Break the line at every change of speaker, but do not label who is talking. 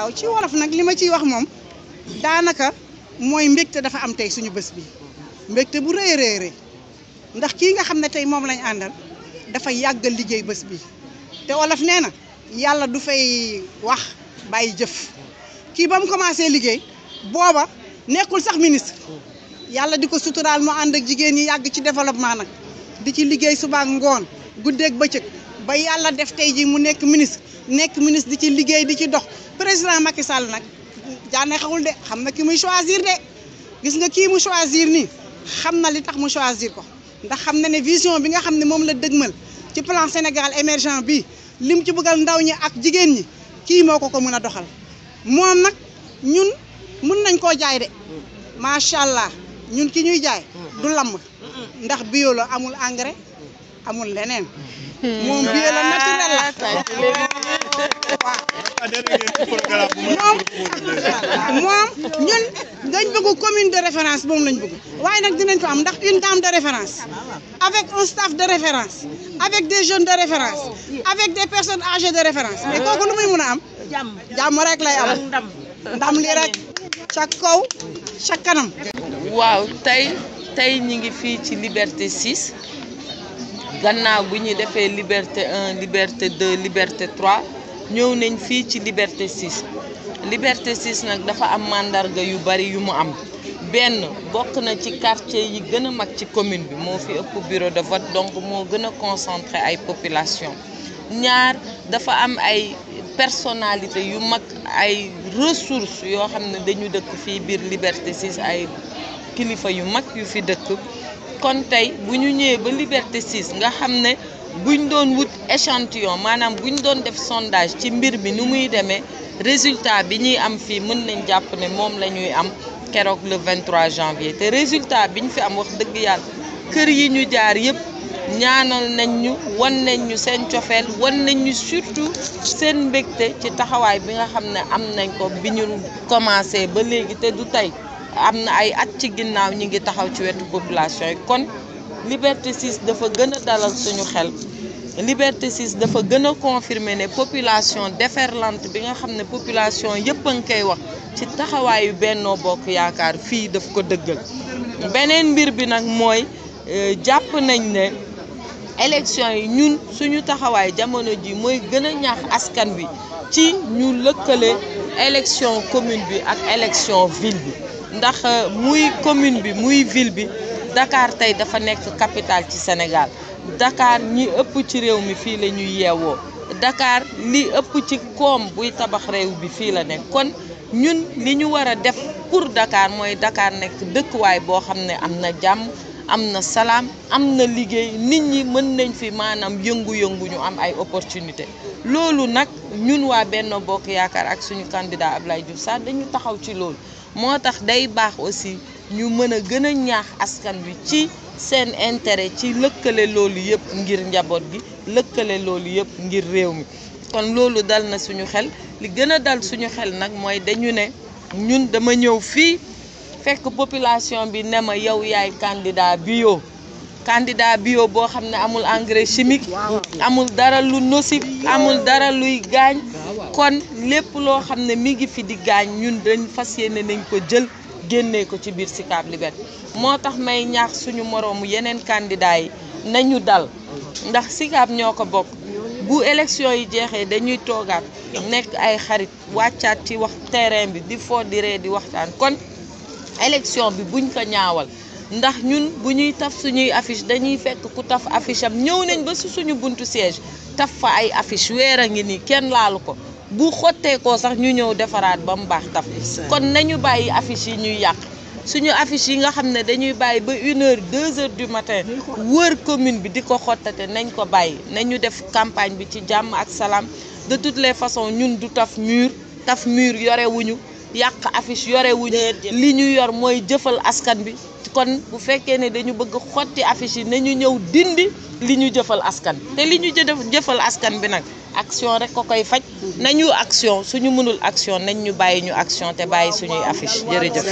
waaw ci wolof nag li ma ciy wax moom daanaka mooy mbégte dafa am tey suñu bés bi mbégte bu rëy rëy rëy ndax kii nga xam ne tey moom lañ àndal dafa yàggal liggéey bés bi te wolof nee na yàlla du fay wax bàyyi jëf kii ba mu commencé liggéey booba nekkul sax ministre yàlla di ko suturaal mu ànd ak jigéen ñi yàgg ci développement nag di ci liggéey suba ak ngoon guddeeg bëccëg ba yàlla def tey jii mu nekk ministre nekk ministre di ci liggéey di ci dox président Macky Sall nag jaane xawul de xam na ki muy choisir de gis nga ki mu choisir nii xam na li tax mu choisir ko ndax xam na ne vision bi nga xam ne moom la dëgmal ci plan Sénégal émergent bi lim ci bëggal ndaw ñi ak jigéen ñi kii moo ko ko mën a doxal moom nag ñun mun nañ koo jaay de macha allah ñun ki ñuy jaay du lamm ndax bio amul engrais amul leneen moom bio la naturel la moom moom ñun dañ commune de référence moom lañ bëgg waaye nag dinañ ko am ndax une dame de référence avec un staff de référence avec des jeunes de référence avec des personnes âgées de référence mais kooku lu muy mën a am jàmm rek lay am ndam li rek ca kaw ca kanam waaw tey
tey ñi ngi fii ci liberté 6 gannaaw bu ñuy defee liberté un liberté 2 liberté 3 ñëw nañ fii ci Liberté 6 Liberté 6 nag dafa am màndarga yu bari yu mu am benn bokk na ci quartier yi gën a mag ci commune bi moo fi ëpp bureau de vote donc moo gën a concentré ay population ñaar dafa am ay personnalité yu mag ay ressources yoo xam ne dañu dëkk fii biir Liberté 6 ay kilifa yu mag yu fi dëkk kon tey bu ñu ñëwee ba Liberté 6 nga xam ne buñ doon wut échantillon maanaam buñ doon def sondage ci mbir mi nu muy demee résultat bi ñuy am fii mën nañ jàpp ne moom la ñuy am keroog le 23 janvier te résultat bi ñu fi am wax dëgg yàlla kër yi ñu jaar yëpp ñaanal nañ ñu wan nañ ñu seen cofeel wan nañ surtout seen mbégte ci taxawaay bi nga xam ne am nañ ko bi ñu commencé ba léegi te du tey am na ay at ci ginnaaw ñi ngi taxaw ci wetu population yi kon Liberté 6 dafa gën a dalal suñu xel Liberté 6 dafa gën a confirmer ne population déferlante bi nga xam ne population yëpp a ngi koy wax ci taxawaayu Benno Bokk Yaakaar fii daf ko dëggal beneen mbir bi nag mooy euh, jàpp nañ ne élection yi ñun suñu taxawaay jamono ji mooy gën a ñaax askan bi ci ñu lëkkale élection commune bi ak élection ville bi ndax euh, muy commune bi muy ville bi dakaar tey dafa nekk capitale ci Sénégal dakaar ñi ëpp ci réew mi fii la ñuy yeewoo dakaar li ëpp ci koom buy tabax réew bi fii la nekk kon ñun li ñu war a def pour dakaar mooy dakaar nekk dëkkuwaay boo xam ne am na jàmm am na salaam am na liggéey nit ñi mën nañ fi maanaam yëngu-yëngu ñu am ay opportunité loolu nag ñun waa benn Bokk Yaakaar ak suñu kandidaa ab lay Sarr dañu taxaw ci loolu moo tax day baax aussi ñu mën a gën a ñaax askan wi ci seen intérêt ci lëkkale loolu yëpp ngir njaboot gi lëkkale loolu yëpp ngir réew mi kon loolu dal na suñu xel li gën a dal suñu xel nag mooy dañu ne ñun dama ñëw fii fekk population bi ne ma yow yaay candidat bio candidat bio boo xam ne amul engrais chimique amul dara lu nocif amul dara luy gaañ kon lépp loo xam ne mi ngi fi di gaañ ñun dañu fas yéene nañ ko jël génnee ko ci biir Sicap Liberté moo tax may ñaax suñu moroomu yeneen candidat yi nañu dal ndax Sicap ñoo ko bokk bu élection yi jeexee dañuy toogaat nekk ay xarit wàccaat ci wax terrain bi di foo di ree di waxtaan kon élection bi buñ ko ñaawal ndax ñun bu ñuy taf suñuy affice dañuy fekk ku taf affiche am ñëw nañ ba si suñu buntu siège taf fa ay affiche weer a ngi nii kenn laalu ko bu xotteekoo sax ñu ñëw defaraat ba mu baax taf kon nañu bàyyi affiche yi ñuy yàq suñu affiche yi nga xam ne dañuy bàyyi ba une heure deux heures du matin wër commune bi di ko xottate nañ ko bàyyi nañu def campagne bi ci jàmm ak salaam de toutes les façons ñun du taf mur yore mur yorewuñu yàq affiche yorewuñu li ñu yor mooy jëfal askan bi kon bu fekkee ne dañu bëgg xotti affiche yi nañu ñëw dindi li ñu jëfal askan te li ñu jëfal askan bi nag action rek ko koy faj nañu action suñu mënul action nañ ñu bàyyi ñu action te bàyyi suñuy affiche jërëjëf